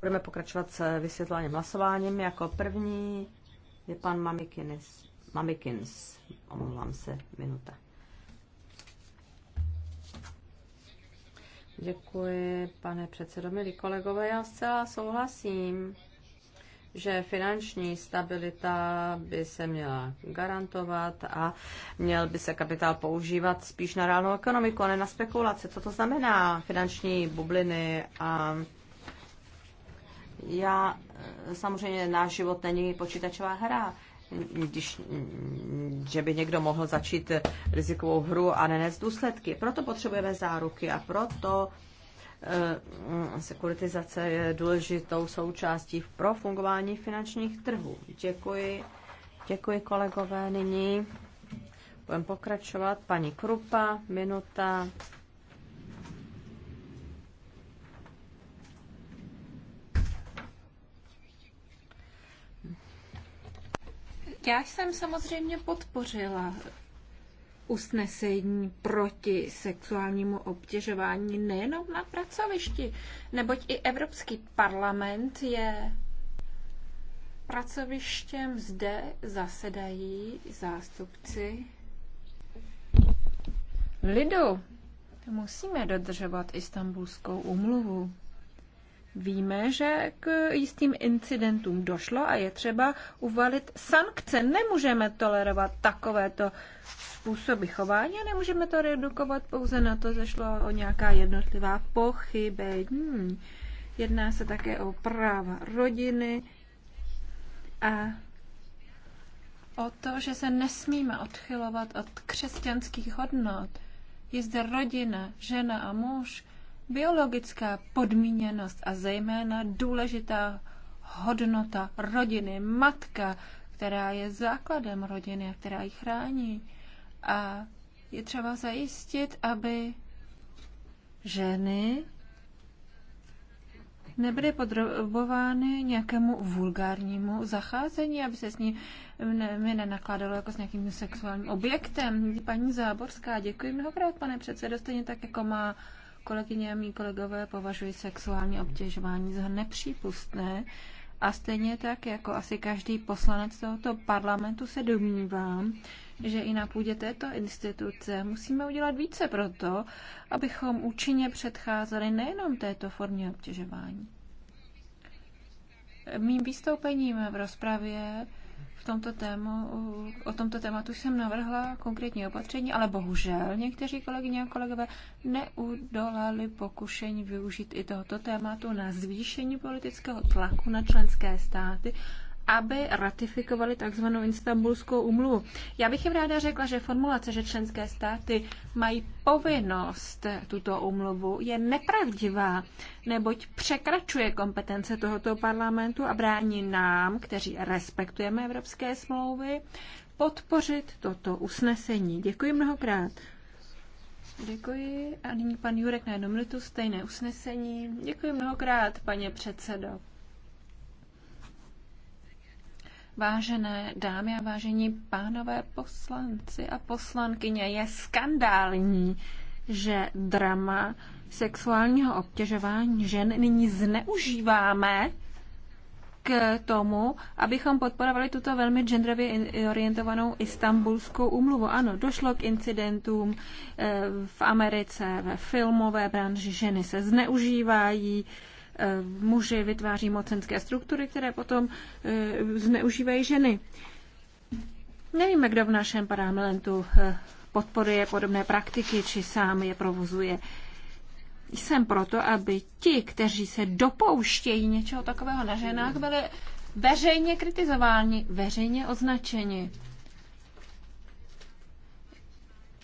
Budeme pokračovat s vysvětlováním hlasováním. Jako první je pan Mamikins. Mamikins, omlouvám se, minuta. Děkuji, pane předsedo, milí kolegové, já zcela souhlasím že finanční stabilita by se měla garantovat a měl by se kapitál používat spíš na reálnou ekonomiku, a ne na spekulace. Co to znamená finanční bubliny a já e, samozřejmě náš život není počítačová hra když, mm, že by někdo mohl začít rizikovou hru a nenést důsledky. Proto potřebujeme záruky a proto Eh, sekuritizace je důležitou součástí pro fungování finančních trhů. Děkuji. Děkuji kolegové. Nyní budeme pokračovat. Paní Krupa, minuta. Já jsem samozřejmě podpořila usnesení proti sexuálnímu obtěžování nejenom na pracovišti, neboť i Evropský parlament je pracovištěm. Zde zasedají zástupci lidu. Musíme dodržovat istambulskou umluvu. Víme, že k jistým incidentům došlo a je třeba uvalit sankce. Nemůžeme tolerovat takovéto způsoby chování a nemůžeme to redukovat pouze na to, že šlo o nějaká jednotlivá pochybení. Jedná se také o práva rodiny a o to, že se nesmíme odchylovat od křesťanských hodnot. Je zde rodina, žena a muž, biologická podmíněnost a zejména důležitá hodnota rodiny, matka, která je základem rodiny a která ji chrání. A je třeba zajistit, aby ženy nebyly podrobovány nějakému vulgárnímu zacházení, aby se s ní mi nenakládalo jako s nějakým sexuálním objektem. Paní Záborská, děkuji mnohokrát, pane předsedo, stejně tak jako má kolegyně a mý kolegové považují sexuální obtěžování za nepřípustné a stejně tak, jako asi každý poslanec tohoto parlamentu, se domnívám, že i na půdě této instituce musíme udělat více pro to, abychom účinně předcházeli nejenom této formě obtěžování. Mým vystoupením v rozpravě tomto tému, o tomto tématu jsem navrhla konkrétní opatření, ale bohužel někteří kolegyně a kolegové neudolali pokušení využít i tohoto tématu na zvýšení politického tlaku na členské státy, aby ratifikovali tzv. Istanbulskou umluvu. Já bych jim ráda řekla, že formulace, že členské státy mají povinnost tuto umluvu, je nepravdivá, neboť překračuje kompetence tohoto parlamentu a brání nám, kteří respektujeme evropské smlouvy, podpořit toto usnesení. Děkuji mnohokrát. Děkuji. A nyní pan Jurek na jednu minutu, stejné usnesení. Děkuji mnohokrát, paně předsedo. Vážené dámy a vážení pánové poslanci a poslankyně, je skandální, že drama sexuálního obtěžování žen nyní zneužíváme k tomu, abychom podporovali tuto velmi genderově orientovanou istambulskou umluvu. Ano, došlo k incidentům eh, v Americe, ve filmové branži ženy se zneužívají, Eh, muži vytváří mocenské struktury, které potom eh, zneužívají ženy. Nevíme, kdo v našem parlamentu eh, podporuje podobné praktiky, či sám je provozuje. Jsem proto, aby ti, kteří se dopouštějí něčeho takového na ženách, byli veřejně kritizováni, veřejně označeni.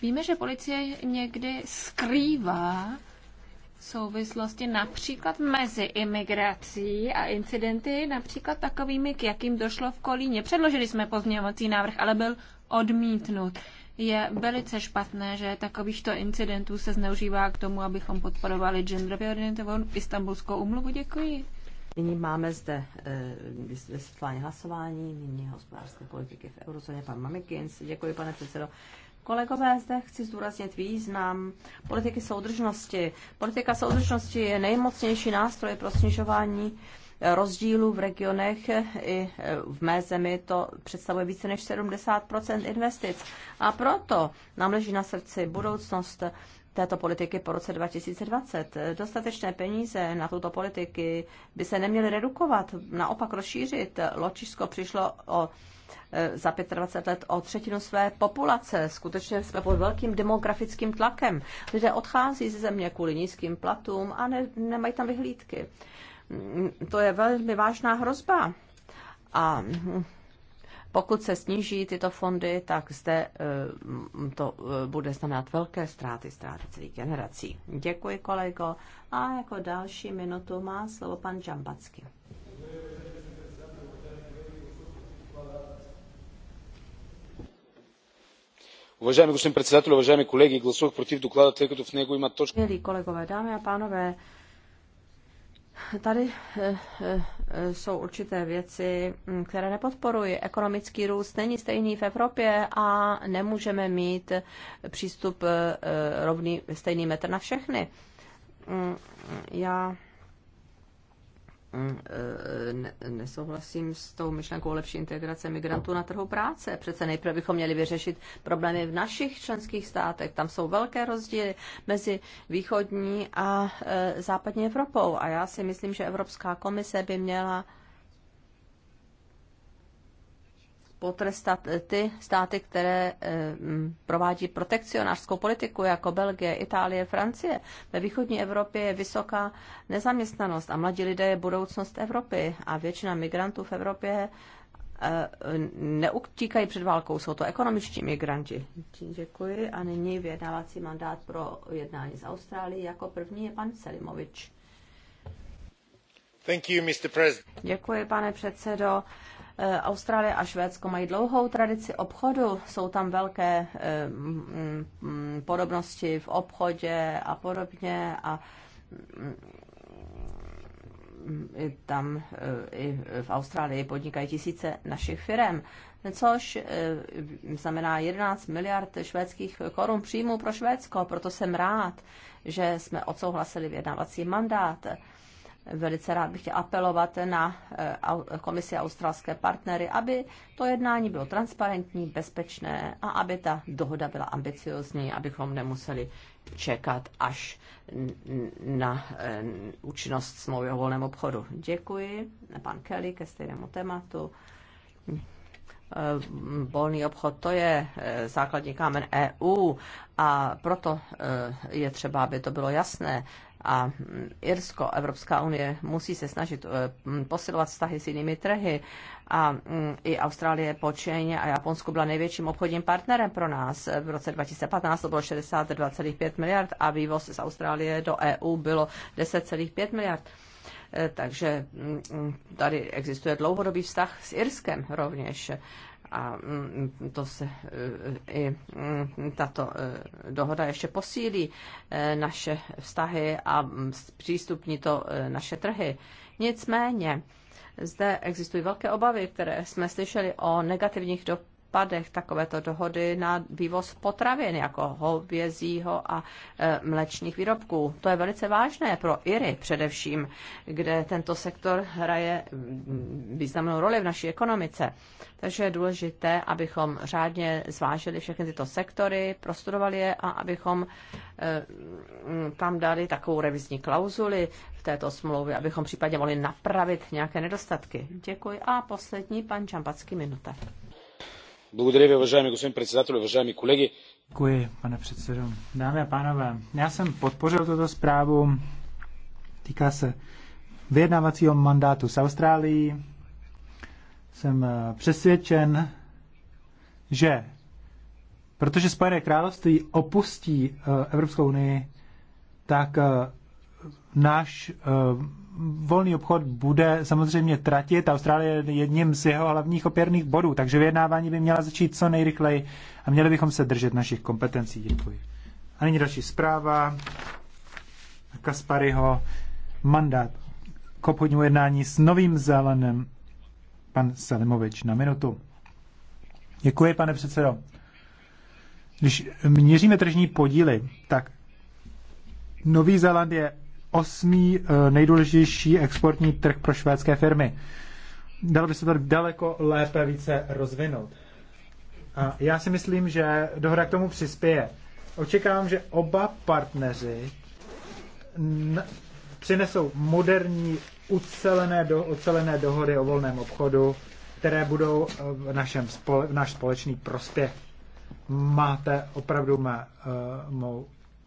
Víme, že policie někdy skrývá souvislosti například mezi imigrací a incidenty, například takovými, k jakým došlo v Kolíně. Předložili jsme pozměňovací návrh, ale byl odmítnut. Je velice špatné, že takovýchto incidentů se zneužívá k tomu, abychom podporovali genderově orientovanou istambulskou umluvu. Děkuji. Nyní máme zde e, vysvětlání hlasování, nyní hospodářské politiky v eurozóně, pan Mamikins. Děkuji, pane předsedo. Kolegové, zde chci zdůraznit význam politiky soudržnosti. Politika soudržnosti je nejmocnější nástroj pro snižování eh, rozdílů v regionech i eh, v mé zemi to představuje více než 70 investic. A proto nám leží na srdci budoucnost této politiky po roce 2020. Dostatečné peníze na tuto politiky by se neměly redukovat, naopak rozšířit. Ločisko přišlo o za 25 let o třetinu své populace. Skutečně jsme pod velkým demografickým tlakem. Lidé odchází ze země kvůli nízkým platům a ne, nemají tam vyhlídky. To je velmi vážná hrozba. A pokud se sníží tyto fondy, tak zde eh, to eh, bude znamenat velké ztráty, ztráty celých generací. Děkuji, kolego. A jako další minutu má slovo pan Džambacky. Уважаеми господин председател, уважаеми колеги, гласувах против доклада, тъй като в него има точка... Milí kolegové, dámy a pánové, tady jsou určité věci, které nepodporují. Ekonomický růst není stejný v Evropě a nemůžeme mít přístup e, e, rovný, stejný metr na všechny. Mm, já mm, e, nesouhlasím s tou myšlenkou lepší integrace migrantů na trhu práce. Přece nejprve bychom měli vyřešit problémy v našich členských státech. Tam jsou velké rozdíly mezi východní a e, západní Evropou. A já si myslím, že Evropská komise by měla potrestat eh, ty státy, které eh, provádí protekcionářskou politiku, jako Belgie, Itálie, Francie. Ve východní Evropě je vysoká nezaměstnanost a mladí lidé je budoucnost Evropy a většina migrantů v Evropě eh, neutíkají před válkou, jsou to ekonomičtí migranti. Děkuji a nyní vyjednávací mandát pro jednání z Austrálie. Jako první je pan Selimovič. You, Děkuji, pane předsedo. Eh, Austrálie a Švédsko mají dlouhou tradici obchodu, jsou tam velké eh, podobnosti v obchodě a podobně a mm, i tam eh, i v Austrálii podnikají tisíce našich firm, což znamená 11 miliard švédských korun příjmů pro Švédsko. Proto jsem rád, že jsme odsouhlasili vyjednávací mandát Velice rád bych chtěl apelovat na eh, komisi australské partnery, aby to jednání bylo transparentní, bezpečné a aby ta dohoda byla ambiciozní, abychom nemuseli čekat až na eh, účinnost smlouvy o volném obchodu. Děkuji, pan Kelly, ke stejnému tématu. Eh, volný obchod to je základní kámen EU a proto je třeba, aby to bylo jasné, a mm, Irsko, Evropská unie musí se snažit eh, mm, posilovat vztahy s jinými trhy a mm, i Austrálie, Počeň a Japonsko byla největším obchodním partnerem pro nás. V roce 2015 to bylo 62,5 miliard a vývoz z Austrálie do EU bylo 10,5 miliard. Eh, takže tady existuje dlouhodobý vztah s Irskem rovněž a mm, to se e, i mm, tato e, dohoda ještě posílí e, naše vztahy a mm, přístupní to naše trhy. Nicméně, zde existují velké obavy, které jsme slyšeli o negativních dopadech dopadech takovéto dohody na vývoz potravin, jako hovězího a e, mlečných výrobků. To je velice vážné pro Iry především, kde tento sektor hraje mm, významnou roli v naší ekonomice. Takže je důležité, abychom řádně zvážili všechny tyto sektory, prostudovali je a abychom e, mm, tam dali takovou revizní klauzuli v této smlouvě, abychom případně mohli napravit nějaké nedostatky. Děkuji. A poslední, pan Čampacký, minuta. Děkuji, pane předsedo. Dámy a pánové, já jsem podpořil tuto zprávu. Týká se vyjednávacího mandátu s Austrálií. Jsem eh, přesvědčen, že protože Spojené království opustí eh, Evropskou unii, tak eh, náš eh, volný obchod bude samozřejmě tratit. Austrálie je jedním z jeho hlavních opěrných bodů, takže vyjednávání by měla začít co nejrychleji a měli bychom se držet našich kompetencí. Děkuji. A nyní další zpráva. Kaspariho mandát k obchodnímu jednání s Novým Zelenem. Pan Salimovič na minutu. Děkuji, pane předsedo. Když měříme tržní podíly, tak Nový Zéland je osmý eh, nejdůležitější exportní trh pro švédské firmy. Dalo by se to daleko lépe více rozvinout. A já si myslím, že dohoda k tomu přispěje. Očekávám, že oba partneři přinesou moderní, ucelené, do- ucelené dohody o volném obchodu, které budou eh, v, našem spole- v náš společný prospěch. Máte opravdu mé, uh, mou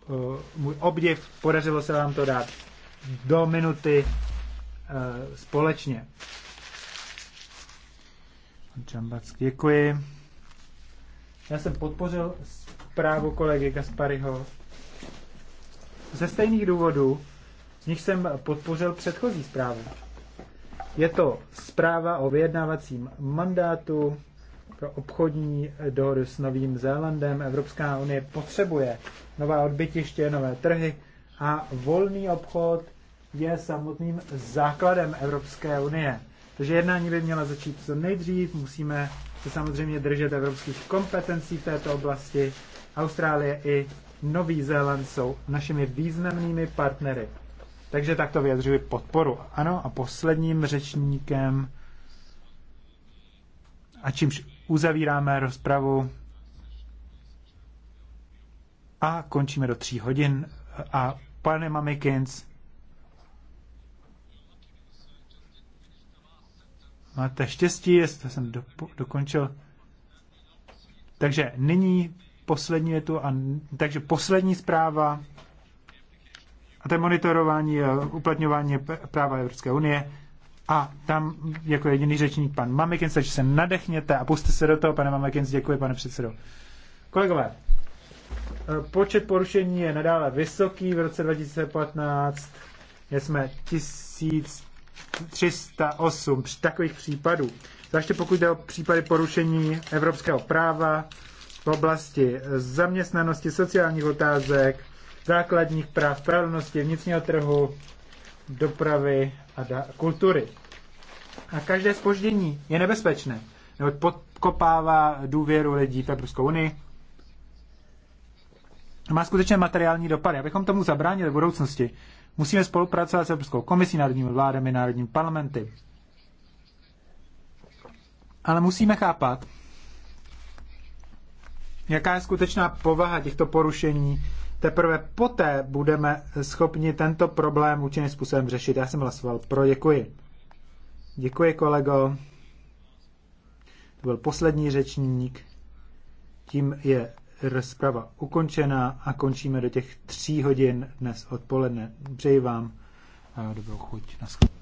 Eh, můj obdiv, podařilo se vám to dát do minuty eh, společně. Čambacky, děkuji. Já jsem podpořil zprávu kolegy Gaspariho ze stejných důvodů, z nich jsem podpořil předchozí zprávu. Je to zpráva o vyjednávacím mandátu pro obchodní dohodu s Novým Zélandem. Evropská unie potřebuje nová odbytiště, nové trhy a volný obchod je samotným základem Evropské unie. Takže jednání by měla začít co nejdřív, musíme se samozřejmě držet evropských kompetencí v této oblasti. Austrálie i Nový Zéland jsou našimi významnými partnery. Takže takto vyjadřuji podporu. Ano, a posledním řečníkem, a čímž uzavíráme rozpravu, a končíme do tří hodin. A pane Mamikins, máte štěstí, jestli jsem do, dokončil. Takže nyní poslední je tu, a, takže poslední zpráva a to je monitorování uplatňování práva Evropské unie. A tam jako jediný řečník pan Mamikins, takže se nadechněte a puste se do toho, pane Mamikins, děkuji, pane předsedo. Kolegové, Eh, počet porušení je nadále vysoký. V roce 2015 jsme 1308 takových případů. Zvláště pokud jde o případy porušení evropského práva v oblasti zaměstnanosti, sociálních otázek, základních práv, pravnosti, vnitřního trhu, dopravy a da- kultury. A každé spoždění je nebezpečné, neboť podkopává důvěru lidí v Evropskou unii má skutečně materiální dopady. Abychom tomu zabránili v budoucnosti, musíme spolupracovat s Evropskou komisí, národními vládami, národními parlamenty. Ale musíme chápat, jaká je skutečná povaha těchto porušení. Teprve poté budeme schopni tento problém účinným způsobem řešit. Já jsem hlasoval pro, děkuji. Děkuji, kolego. To byl poslední řečník. Tím je rozprava ukončena a končíme do těch tří hodin dnes odpoledne. Přeji vám eh, dobrou chuť. Naschled.